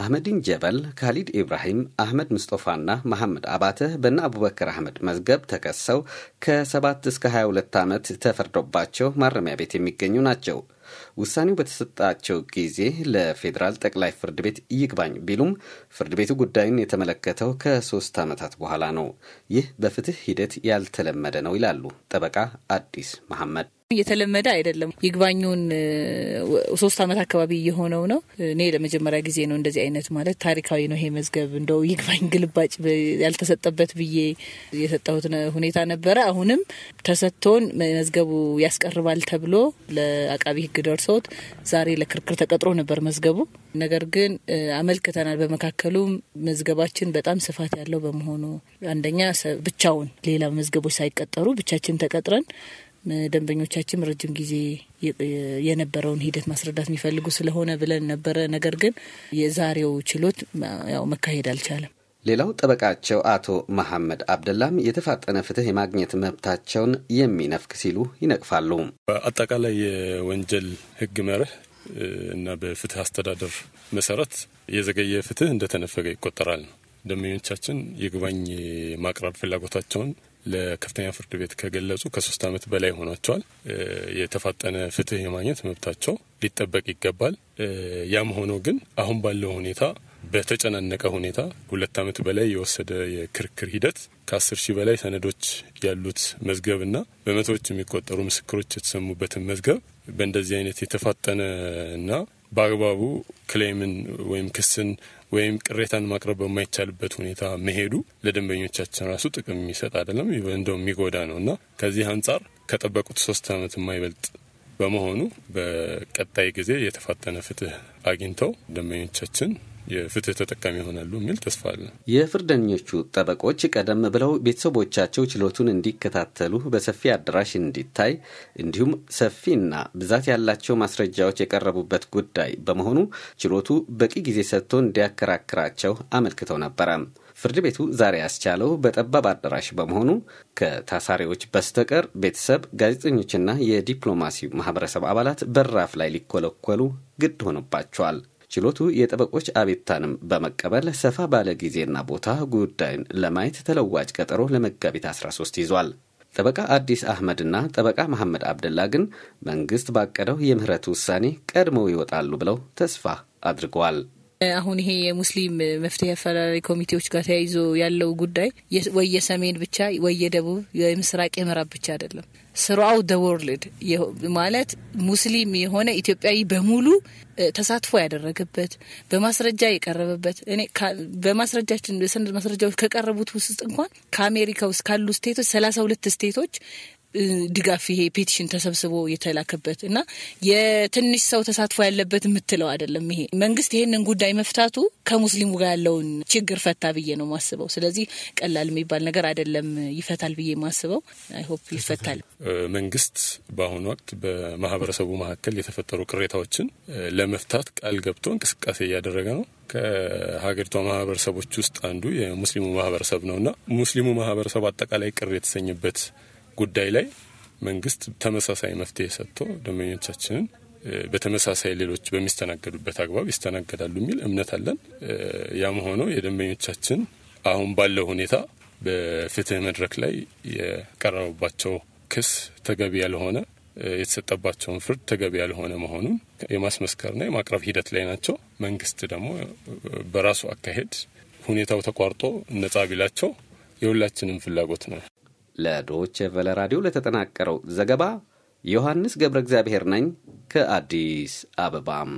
አህመዲን ጀበል፣ ካሊድ ኢብራሂም፣ አህመድ ምስጦፋና መሐመድ አባተ በነ አቡበከር አህመድ መዝገብ ተከሰው ከ7 እስከ 22 ዓመት ተፈርዶባቸው ማረሚያ ቤት የሚገኙ ናቸው። ውሳኔው በተሰጣቸው ጊዜ ለፌዴራል ጠቅላይ ፍርድ ቤት ይግባኝ ቢሉም ፍርድ ቤቱ ጉዳዩን የተመለከተው ከሶስት ዓመታት በኋላ ነው። ይህ በፍትህ ሂደት ያልተለመደ ነው ይላሉ ጠበቃ አዲስ መሐመድ። እየተለመደ አይደለም። ይግባኙን ሶስት ዓመት አካባቢ እየሆነው ነው። እኔ ለመጀመሪያ ጊዜ ነው እንደዚህ አይነት ማለት ታሪካዊ ነው ይሄ መዝገብ እንደው ይግባኝ ግልባጭ ያልተሰጠበት ብዬ የሰጠሁት ሁኔታ ነበረ። አሁንም ተሰጥቶን መዝገቡ ያስቀርባል ተብሎ ለአቃቢ ህግ ደርሶት ዛሬ ለክርክር ተቀጥሮ ነበር መዝገቡ። ነገር ግን አመልክተናል። በመካከሉም መዝገባችን በጣም ስፋት ያለው በመሆኑ አንደኛ ብቻውን ሌላ መዝገቦች ሳይቀጠሩ ብቻችን ተቀጥረን ደንበኞቻችን ረጅም ጊዜ የነበረውን ሂደት ማስረዳት የሚፈልጉ ስለሆነ ብለን ነበረ። ነገር ግን የዛሬው ችሎት ያው መካሄድ አልቻለም። ሌላው ጠበቃቸው አቶ መሐመድ አብደላም የተፋጠነ ፍትህ የማግኘት መብታቸውን የሚነፍክ ሲሉ ይነቅፋሉ። በአጠቃላይ የወንጀል ህግ መርህ እና በፍትህ አስተዳደር መሰረት የዘገየ ፍትህ እንደተነፈገ ይቆጠራል። ደንበኞቻችን የይግባኝ ማቅረብ ፍላጎታቸውን ለከፍተኛ ፍርድ ቤት ከገለጹ ከሶስት ዓመት በላይ ሆኗቸዋል። የተፋጠነ ፍትህ የማግኘት መብታቸው ሊጠበቅ ይገባል። ያም ሆኖ ግን አሁን ባለው ሁኔታ በተጨናነቀ ሁኔታ ሁለት ዓመት በላይ የወሰደ የክርክር ሂደት ከአስር ሺህ በላይ ሰነዶች ያሉት መዝገብና በመቶዎች የሚቆጠሩ ምስክሮች የተሰሙበትን መዝገብ በእንደዚህ አይነት የተፋጠነ ና በአግባቡ ክሌምን ወይም ክስን ወይም ቅሬታን ማቅረብ በማይቻልበት ሁኔታ መሄዱ ለደንበኞቻችን ራሱ ጥቅም የሚሰጥ አይደለም፣ እንደው የሚጎዳ ነው እና ከዚህ አንጻር ከጠበቁት ሶስት ዓመት የማይበልጥ በመሆኑ በቀጣይ ጊዜ የተፋጠነ ፍትህ አግኝተው ደንበኞቻችን የፍትህ ተጠቃሚ ይሆናሉ የሚል ተስፋ አለ። የፍርደኞቹ ጠበቆች ቀደም ብለው ቤተሰቦቻቸው ችሎቱን እንዲከታተሉ በሰፊ አዳራሽ እንዲታይ፣ እንዲሁም ሰፊና ብዛት ያላቸው ማስረጃዎች የቀረቡበት ጉዳይ በመሆኑ ችሎቱ በቂ ጊዜ ሰጥቶ እንዲያከራክራቸው አመልክተው ነበረ። ፍርድ ቤቱ ዛሬ ያስቻለው በጠባብ አዳራሽ በመሆኑ ከታሳሪዎች በስተቀር ቤተሰብ፣ ጋዜጠኞችና የዲፕሎማሲ ማህበረሰብ አባላት በራፍ ላይ ሊኮለኮሉ ግድ ሆኖባቸዋል። ችሎቱ የጠበቆች አቤቱታንም በመቀበል ሰፋ ባለ ጊዜና ቦታ ጉዳይን ለማየት ተለዋጭ ቀጠሮ ለመጋቢት 13 ይዟል። ጠበቃ አዲስ አህመድና ጠበቃ መሐመድ አብደላ ግን መንግስት ባቀደው የምህረት ውሳኔ ቀድመው ይወጣሉ ብለው ተስፋ አድርገዋል። አሁን ይሄ የሙስሊም መፍትሄ አፈላላይ ኮሚቴዎች ጋር ተያይዞ ያለው ጉዳይ ወይ የሰሜን ብቻ ወይ የደቡብ የምስራቅ የምዕራብ ብቻ አይደለም። ደ ደወርልድ ማለት ሙስሊም የሆነ ኢትዮጵያዊ በሙሉ ተሳትፎ ያደረገበት በማስረጃ የቀረበበት እኔ በማስረጃችን ሰነድ ማስረጃዎች ከቀረቡት ውስጥ እንኳን ከአሜሪካ ውስጥ ካሉ ስቴቶች ሰላሳ ሁለት ስቴቶች ድጋፍ ይሄ ፔቲሽን ተሰብስቦ የተላከበት እና የትንሽ ሰው ተሳትፎ ያለበት የምትለው አይደለም። ይሄ መንግስት ይህንን ጉዳይ መፍታቱ ከሙስሊሙ ጋር ያለውን ችግር ፈታ ብዬ ነው ማስበው። ስለዚህ ቀላል የሚባል ነገር አይደለም። ይፈታል ብዬ ማስበው አይሆፕ ይፈታል። መንግስት በአሁኑ ወቅት በማህበረሰቡ መካከል የተፈጠሩ ቅሬታዎችን ለመፍታት ቃል ገብቶ እንቅስቃሴ እያደረገ ነው። ከሀገሪቷ ማህበረሰቦች ውስጥ አንዱ የሙስሊሙ ማህበረሰብ እና ሙስሊሙ ማህበረሰብ አጠቃላይ ቅር የተሰኘበት ጉዳይ ላይ መንግስት ተመሳሳይ መፍትሄ ሰጥቶ ደንበኞቻችንን በተመሳሳይ ሌሎች በሚስተናገዱበት አግባብ ይስተናገዳሉ የሚል እምነት አለን። ያም ሆኖ የደንበኞቻችን አሁን ባለው ሁኔታ በፍትህ መድረክ ላይ የቀረበባቸው ክስ ተገቢ ያልሆነ የተሰጠባቸውን ፍርድ ተገቢ ያልሆነ መሆኑን የማስመስከርና የማቅረብ ሂደት ላይ ናቸው። መንግስት ደግሞ በራሱ አካሄድ ሁኔታው ተቋርጦ ነጻ ቢላቸው የሁላችንም ፍላጎት ነው። ለዶች ቨለ ራዲዮ ለተጠናቀረው ዘገባ ዮሐንስ ገብረ እግዚአብሔር ነኝ ከአዲስ አበባም